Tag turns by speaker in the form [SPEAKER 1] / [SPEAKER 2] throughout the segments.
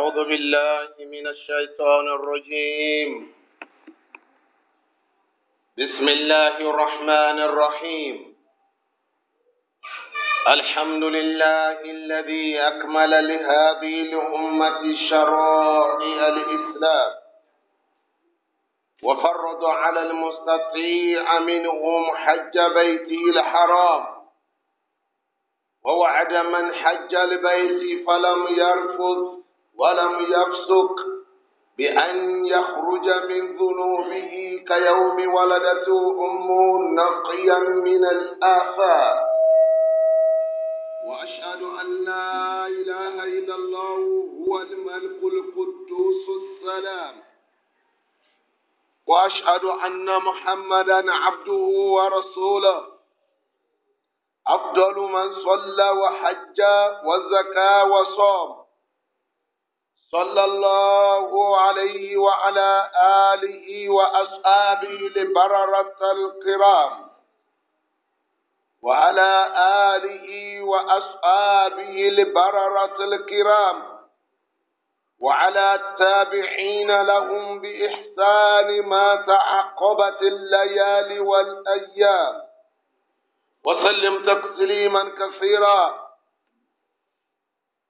[SPEAKER 1] أعوذ بالله من الشيطان الرجيم بسم الله الرحمن الرحيم الحمد لله الذي أكمل لهذه الأمة شرائع الإسلام وفرض على المستطيع منهم حج بيته الحرام ووعد من حج البيت فلم يرفض ولم يفسق بأن يخرج من ذنوبه كيوم ولدته أمه نقيا من الآفات وأشهد أن لا إله إلا الله هو الملك القدوس السلام وأشهد أن محمدا عبده ورسوله أفضل من صلى وحج وزكى وصام صلى الله عليه وعلى آله وأصحابه لبررة الكرام وعلى آله وأصحابه لبررة الكرام وعلى التابعين لهم بإحسان ما تعقبت الليالي والأيام وسلم تسليما كثيرا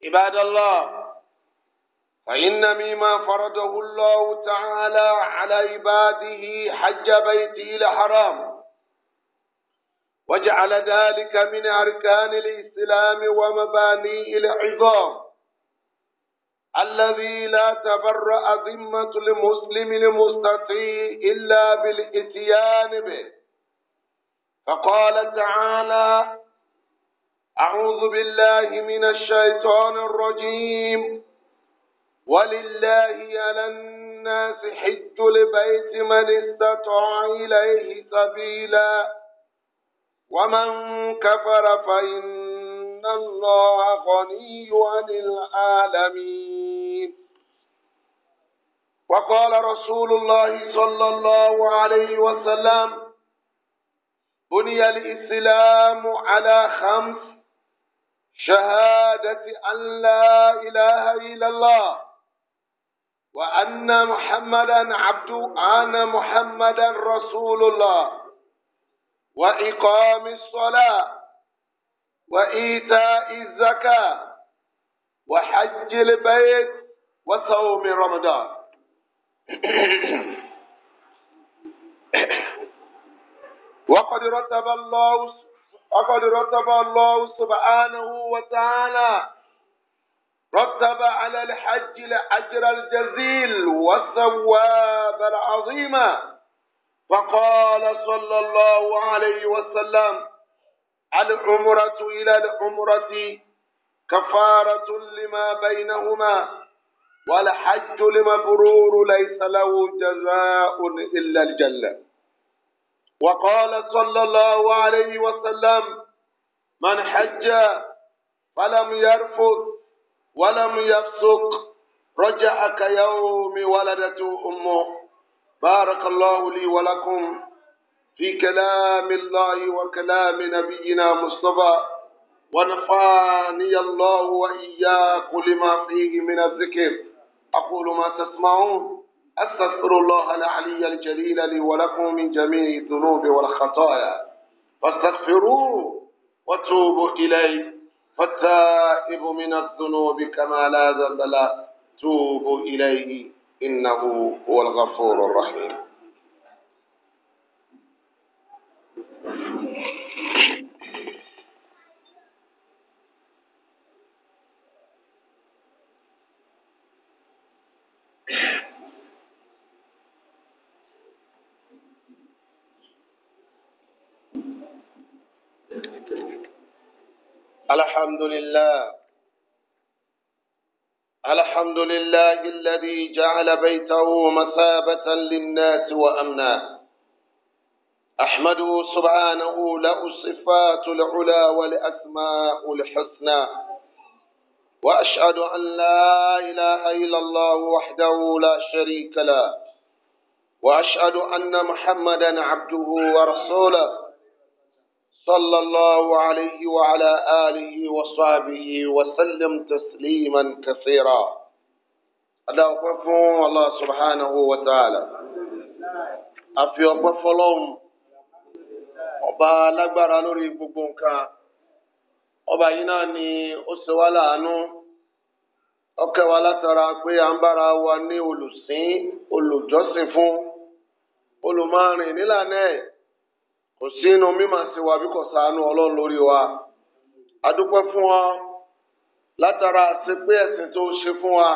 [SPEAKER 1] عباد الله فإن مما فرضه الله تعالى على عباده حج بيته لحرام وجعل ذلك من أركان الإسلام ومباني العظام الذي لا تبرأ ذمة المسلم المستطيع إلا بالإتيان به فقال تعالى أعوذ بالله من الشيطان الرجيم ولله على الناس حج البيت من استطاع إليه سبيلا ومن كفر فإن الله غني عن العالمين وقال رسول الله صلى الله عليه وسلم بني الإسلام على خمس شهادة أن لا إله إلا الله وأن محمدا عبد أن محمدا رسول الله وإقام الصلاة وإيتاء الزكاة وحج البيت وصوم رمضان وقد رتب الله وقد رتب الله سبحانه وتعالى رتب على الحج الأجر الجزيل والثواب العظيم فقال صلى الله عليه وسلم العمرة إلى العمرة كفارة لما بينهما والحج لمبرور ليس له جزاء إلا الجنة وقال صلى الله عليه وسلم من حج فلم يرفض ولم يفسق رجع كيوم ولدته أمه بارك الله لي ولكم في كلام الله وكلام نبينا مصطفى ونفعني الله وإياكم لما فيه من الذكر أقول ما تسمعون أستغفر الله العلي الجليل لي ولكم من جميع الذنوب والخطايا فاستغفروه وتوبوا إليه والتائب من الذنوب كما لا ذنب له توبوا إليه إنه هو الغفور الرحيم الحمد لله الحمد لله الذي جعل بيته مثابة للناس وأمنا أحمده سبحانه له الصفات العلى والأسماء الحسنى وأشهد أن لا إله إلا الله وحده لا شريك له وأشهد أن محمدا عبده ورسوله صلى الله عليه وعلى آله وصحبه وسلم تسليما كثيرا أدعوكم الله سبحانه وتعالى أفي أبفلهم ọba alágbára lórí gbogbo nǹkan ọba yìí náà ni ó ṣe wá láàánú ọkẹ látara pé à ń bára wa ní olùsìn olùjọ́sìn fún olùmọ̀rìn nílànà ẹ̀ kò sínú mímọ̀ sí wa bí kò sànú ọlọ́run lórí wa adúpẹ́ fún ọ látara àti pé ẹ̀sìn tó ṣe fún wa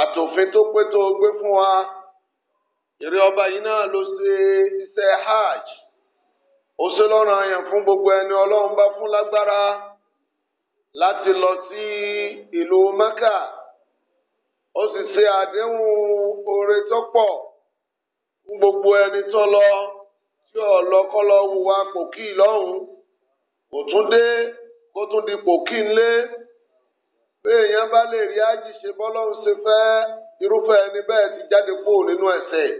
[SPEAKER 1] àtòfin tó pé tó gbé fún wa èrè ọba yìí náà ló ṣe iṣẹ́ hajj ó ṣe lọ́rùn àyàn fún gbogbo ẹni ọlọ́run bá fún lágbára láti lọ sí ìlú mẹ́kà ó sì ṣe àdéhùn oore tó pọ̀ fún gbogbo ẹni tó lọ tí ọlọ́kọ́lọ́hún wa pòkì lọ́hùn kò tún dé kó tún di pòkì ńlé bí èèyàn bá lè rí ájì ṣe bọ́lọ́hún ṣe fẹ́ irúfẹ́ ẹni bẹ́ẹ̀ ti jáde kúrò nínú ẹ̀ṣẹ̀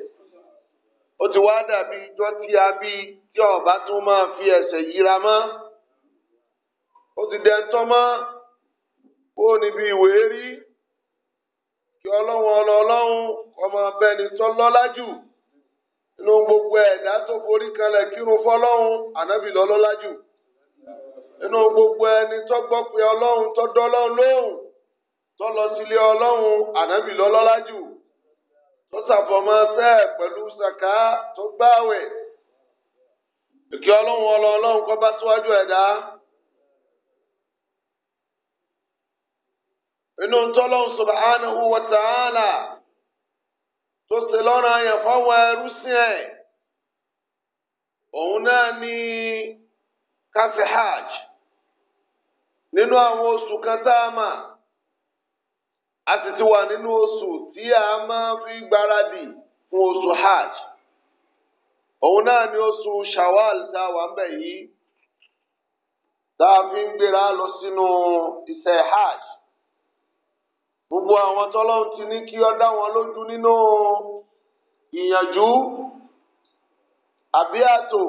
[SPEAKER 1] ó ti wá dàbí ijọ́ tí a bí tí ọba tún máa fi ẹ̀ṣẹ̀ yíra mọ́ ó ti dẹ́ mọ́ kó níbi ìwé rí kí ọlọ́run ọlọ́run ọmọ abẹ́ni tọ́ lọ́lá jù. inú gbogbo ẹ̀dá tó forí kanlẹ̀ kírun fọlọ́run ànábì lọ́lọ́lá jù inú gbogbo ẹni tó gbọ́ pé ọlọ́run tó dọ́lọ́run lóhùn tó lọ sílé ọlọ́run ànábì lọ́lọ́lá jù tó ṣàfọmọṣẹ́ pẹ̀lú sàká tó gbáwẹ̀ kí kọ́ bá síwájú tó ṣe lọ́rùn àyàn fáwọn ẹrú sí ẹ̀ òun náà ní káṣí hajj nínú àwọn oṣù kan tá a mà a sì ti wà nínú oṣù tí a máa fi gbáradì fún oṣù hajj òun náà ní oṣù shawal tá a wà ń bẹ̀ yìí tá a fi ń gbéra lọ sínú iṣẹ́ hajj. gbogbo àwọn tọ́lọ́hún ti ní kí ọ dá wọn lójú nínú ìyànjú àbí àtò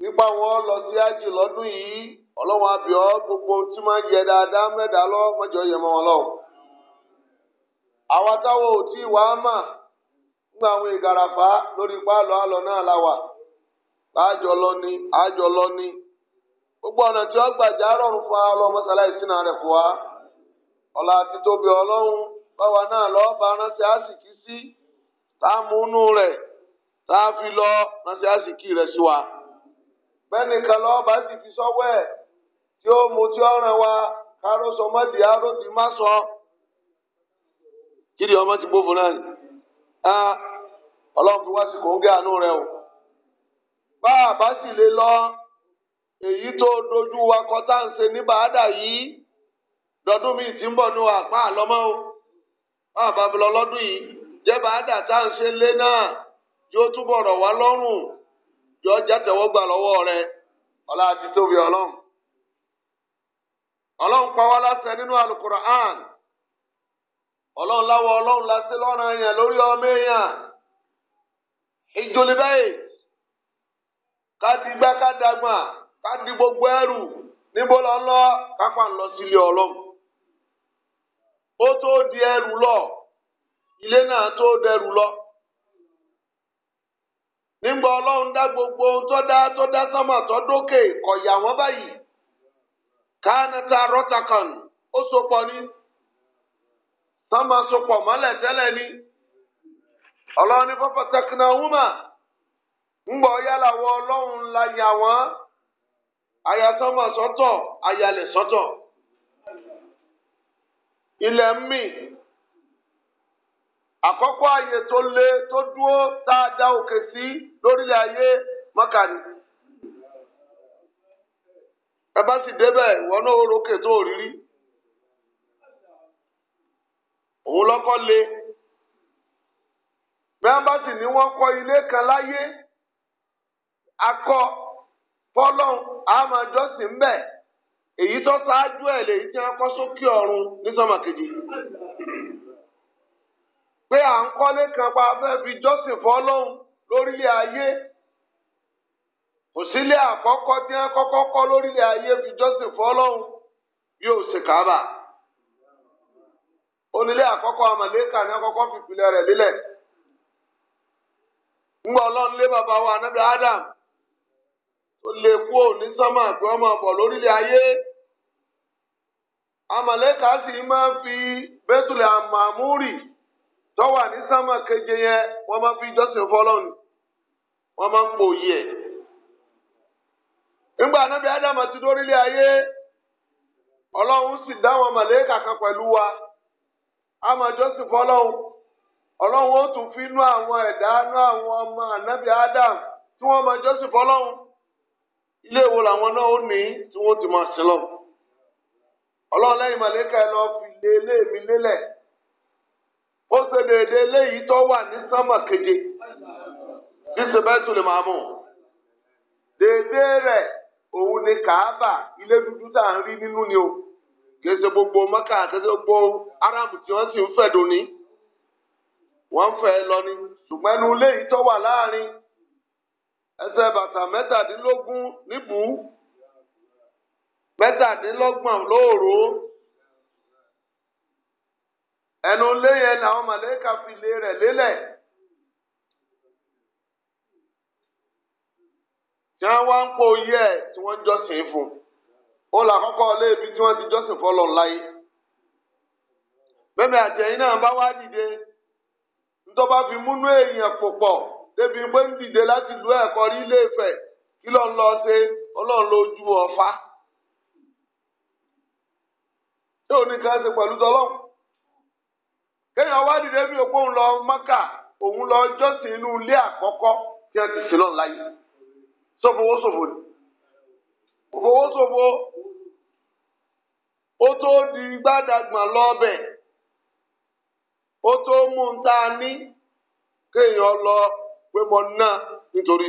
[SPEAKER 1] nípa wọn lọ sí ájì lọ́dún yìí ọlọ́wọ́n abíọ́ gbogbo tí máa ń yẹ dáadáa mẹ́ta lọ́wọ́ mọ́jọ yẹ mọ́ wọn àwa ò tí mà àwọn ìgàràfà lọ ni àjọ ni gbogbo ọ̀nà tí wọ́n gbàjà rọrùn fún ọlá àti tóbi ọlọ́run báwa náà lọ bá ránṣẹ́ àsìkí sí tá a mú inú rẹ̀ tá a fi lọ ránṣẹ́ àsìkí rẹ̀ sí wa. bẹ́ẹ̀nìkan lọ bá sì fi sọ́wọ́ ẹ̀ tí ó mu tí ó ràn wá káró sọ má sọ. o. bá a bá dojú wa tá à lọ́dún mi ti ń bọ̀ ní àpá àlọ́mọ́ o má bàbá lọ lọ́dún yìí jẹ́bàá dà tá à ń ṣe lé náà tí ó túbọ̀ rọ̀ wá lọ́rùn jàtẹ̀wọ́ gbà lọ́wọ́ rẹ ọlá àti tóbi ọlọ́run ọlọ́run pa wá nínú alukur'an ọlọ́run láwọ ó tó di ẹrù lọ ilé náà tó lọ nígbà ọlọ́run dá gbogbo ohun tó dá tó dá sánmà tó dókè kọ̀yà wọ́n báyìí kánata rọ́tàkàn ó sopọ̀ ní ni sopọ̀ mọ́lẹ̀ tẹ́lẹ̀ ní ọlọ́run ní fọ́fọ́tàkìnà wúmà ńgbọ̀ yálà wọ ọlọ́run la yà wọ́n àyà sọ́tọ̀ àyàlẹ̀ sọ́tọ̀. ilẹ̀ ń mì àkọ́kọ́ ààyè tó lé tó dúró tá òkè sí lórílẹ̀ ayé mọ́kà ni ẹ bá sì débẹ̀ ìwọ náà ó rókè tó rírí òun lọ́kọ́ le bẹ́ẹ̀ bá sì ní wọ́n kọ́ ilé kan láyé akọ fọlọ́n àmọ́jọ́sìn bẹ́ẹ̀. èyí tó ṣáájú ẹ̀ lèyí tí wọ́n kọ́ sókè ọ̀run ní sọ́mà kejì pé à ń kọ́lé kan pa fẹ́ fi jọ́sìn fọ́lọ́hún lórílẹ̀ ayé kò sílé àkọ́kọ́ tí wọ́n kọ́kọ́ kọ́ lórílẹ̀ ayé fi jọ́sìn fọ́lọ́hún yóò ṣe kàábà onílé àkọ́kọ́ àmàlẹ́kà ní àkọ́kọ́ rẹ̀ lílẹ̀ Adam ó lè kú sọ́mà ọmọ ọ̀bọ̀ lórílẹ̀ amaleka si ma fi betule amamuri towa ni sama keje yen won ma fi josin folon won ma po yi e ngba anabi adam ati dorile aye olohun si dawo won maleka kan pelu wa ama josin folon olohun o tun fi nu awon eda nu awon ma nabi adam ti won ma josin folon ile wo lawon na o ni ti won ti ma selon ọlọ́run lẹ́yìn màlẹ́kà ẹ lọ fi lé ilé mi lélẹ̀ ó ṣe déédé léyìí tó wà ní sánmà keje ní sèbẹ́tù lè máa mú déédé rẹ̀ òun ni kàábà ilé dúdú tá à ń rí nínú ni o kì í ṣe gbogbo mọ́kà kì í ṣe gbogbo aráàmù tí wọ́n sì ń fẹ́ dùn ní wọ́n ń fẹ́ lọ ni ṣùgbọ́n inú léyìí tó wà láàrin ẹsẹ̀ bàtà mẹ́tàdínlógún níbùú. mẹ́tàdínlọ́gbọ̀n lóòrò ẹnu ilé yẹn làwọn màlẹ́kà fi lé rẹ̀ lélẹ̀. tí wọ́n wá ń pò yí ẹ̀ tí wọ́n jọ́sìn fún ó là kọ́kọ́ lé ibi tí wọ́n ti jọ́sìn fọlọ́ láyé. bẹ́ẹ̀ àtẹ̀yìn náà bá wá dìde nítorí bá fi múnú èèyàn pò débi dìde láti lu ẹ̀kọ́ ilé kí lọ tí ò ní kan ṣe pẹ̀lú tọ́lọ́hún kéèyàn wá dìde bí òpó ń lọ maka òun lọ jọ́sìn inú ilé àkọ́kọ́ tí ẹ ti sílọ̀ láyé sọ́fowó ni ó tó di gbádàgbọ̀n lọ́ọ̀bẹ̀ ó tó mú ta ní kéèyàn lọ pé náà nítorí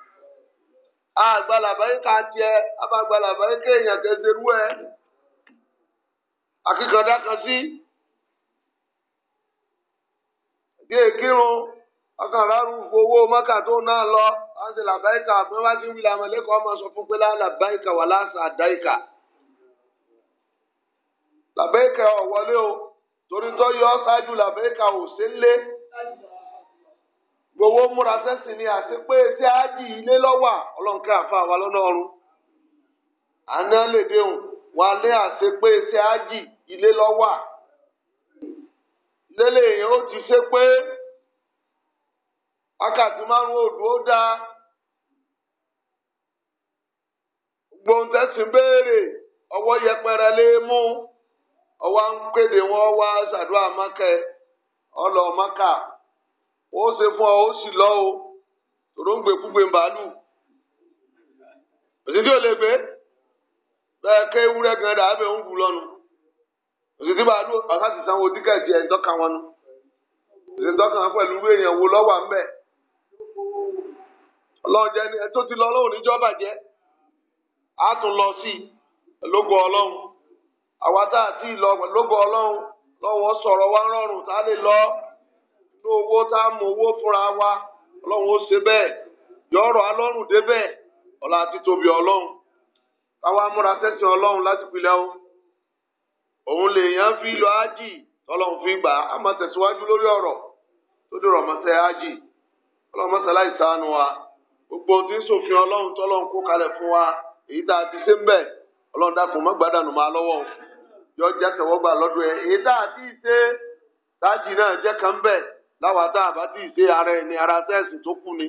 [SPEAKER 1] àgbàlàbà yìí kà tiẹ̀ àbàgbàlàbà yìí kéèyàn kẹsẹ̀rú ẹ̀ akíkandá kan sí bí èkírun ọkàrà rúfo owó mọ́kà tó náà lọ wọ́n ti làbáyíkà pé wọ́n ti ń wí làwọn ẹlẹ́kọ̀ọ́ máa sọ fún pé làbáyíkà wà láṣà àdáyíkà làbáyíkà ọ̀wọ́lé o torí tó yọ ọ́ ṣáájú làbáyíkà ò sí lé. gbowó múra sẹ́sìn ni àti pé ṣé ájì ilé lọ́wà ọlọ́nkẹ́ àfa wa lọ́nà ọ̀run àná lè déhùn wà lé àti pé ṣé ájì ilé lọ́wà lélẹ̀ ó ti ṣe pé wákàtí márùn-ún òdu ó dáa gbohùntẹ́sìn béèrè ọwọ́ yẹpẹrẹ lé mú ọwọ́ ń ose fún ọ ó sì lọ o tòró ń gbé gbúgbé màálù òsì tí ò lè gbé bẹ́ẹ̀ ké ewúrẹ́ gan dà ábẹ́ ń wù lọ́nu òsì tí màálù ọ̀sán ti sanwó tíkẹ́ẹ̀tì ẹ̀ ń tọ́ka wọn nu òsì ń tọ́ka wọn pẹ̀lú èèyàn wo lọ́wọ́ à ń bẹ̀ ọlọ́run jẹ́ ni ẹ ti lọ ọlọ́run níjọ́ bàjẹ́ á tún lọ sí lógo ọlọ́run àwa tá a ti lọ lógo ọlọ́run lọ́wọ́ sọ̀rọ̀ wa lọ. nínú owó tá a mú owó fúnra wa ọlọ́run ó ṣe bẹ́ẹ̀ yọ alọ́run débẹ̀ ọ̀la títóbi ọlọ́run táwa múra sẹ́sìn ọlọ́run láti pilẹ̀ o òun lèèyàn fi lọ ájì tọ́lọ́run fi gbà á máa tẹ̀síwájú lórí ọ̀rọ̀ tó dé ájì ọlọ́run wa gbogbo ohun tí ń wa èyí tá a ti ṣe ń bẹ̀ ọlọ́run dákun gbádànù máa lọ́wọ́ yọ jẹ́ tẹ̀wọ́gbà lọ́dún ẹ̀ èyí tá a ti ṣe náà jẹ́ láwa tá a bá ti ṣe ara ẹni ara sẹ́ẹ̀sì tó kù ni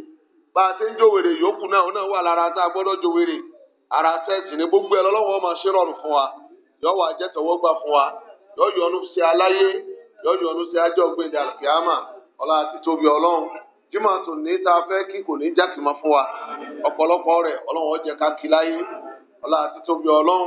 [SPEAKER 1] bá a ṣe ń jòwèrè yòókù náà náà wà lára tá a gbọ́dọ̀ jòwèrè ara sẹ́ẹ̀sì ni gbogbo ẹ̀ lọ́wọ́ máa ṣe rọrùn fún wa yọ wà jẹ́ tọwọ́gbà fún wa yọ yọnu sí aláyé yọ yọnu sí ajọ́ gbèdé àlùkìyàmà ọlá àti tóbi ọlọ́run jimá tó ní tá a fẹ́ kí kò ní jákìmá fún wa ọ̀pọ̀lọpọ̀ rẹ̀ ọlọ́run ó jẹ́ ká kí láyé ọlá àti tóbi ọlọ́run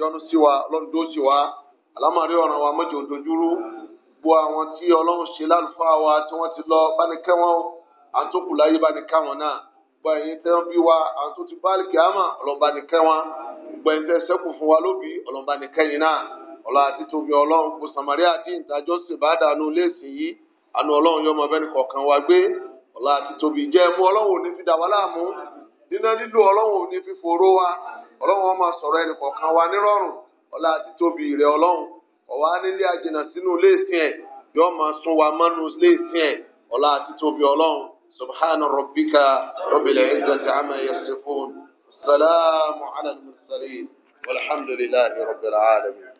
[SPEAKER 1] yọ́nú sí wa ọlọ́run dó sí wa àlámọ̀rí ọ̀ràn wa mọ́jọ òdojúrú gbogbo àwọn tí ọlọ́run ṣe lálùfáà wa tí wọ́n ti lọ bá ní kẹ́ wọn à ń tó kù láyé bá ní ká wọn náà gbogbo ẹ̀yin tẹ́ wọ́n bí wa à ń tó ti bá àlìkè àmà ọlọ́run bá ní kẹ́ wọn gbogbo ẹ̀yin tẹ́ sẹ́kù fún wa lóbi ọlọ́run ní kẹ́yìn náà ọlọ́ àti tóbi ọlọ́run kò sàmárì àti ìdájọ́ sì bá dànù léèsì yìí àánú ọlọ́run yọmọ bẹ́ẹ̀ ni kọ̀ọ̀kan wa gbé ọlọ́ àti tóbi jẹ́ mú ọlọ́run ò ní fi dà wá láàmú nínú lílo ọlọ́run òní fíforó wa ọlọ́run ọmọ sọ̀rọ̀ ẹnì kọ̀ọ̀kan wa nírọ̀rùn ọlá àti tóbi rẹ̀ ọlọ́run ọ̀wá nílé àjìnà sínú léèsìn ẹ̀ yóò máa sún wa mọ́nú léèsìn ẹ̀ ọlá àti tóbi ọlọ́run subhana rabbika rabbil izzati amma yasifun salaamu ala al-mursalin walhamdulillahi rabbil alamin.